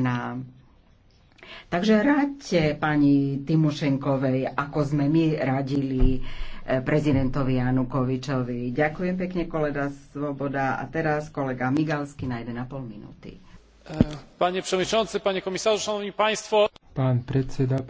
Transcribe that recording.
nám. Takže radte pani Timošenkovej, ako sme my radili eh, prezidentovi Janukovičovi. Ďakujem pekne, kolega Svoboda. A teraz kolega Migalsky na 1,5 minúty. Eh, panie przewodniczący, panie komisarzu, szanowni państwo. Pán predseda,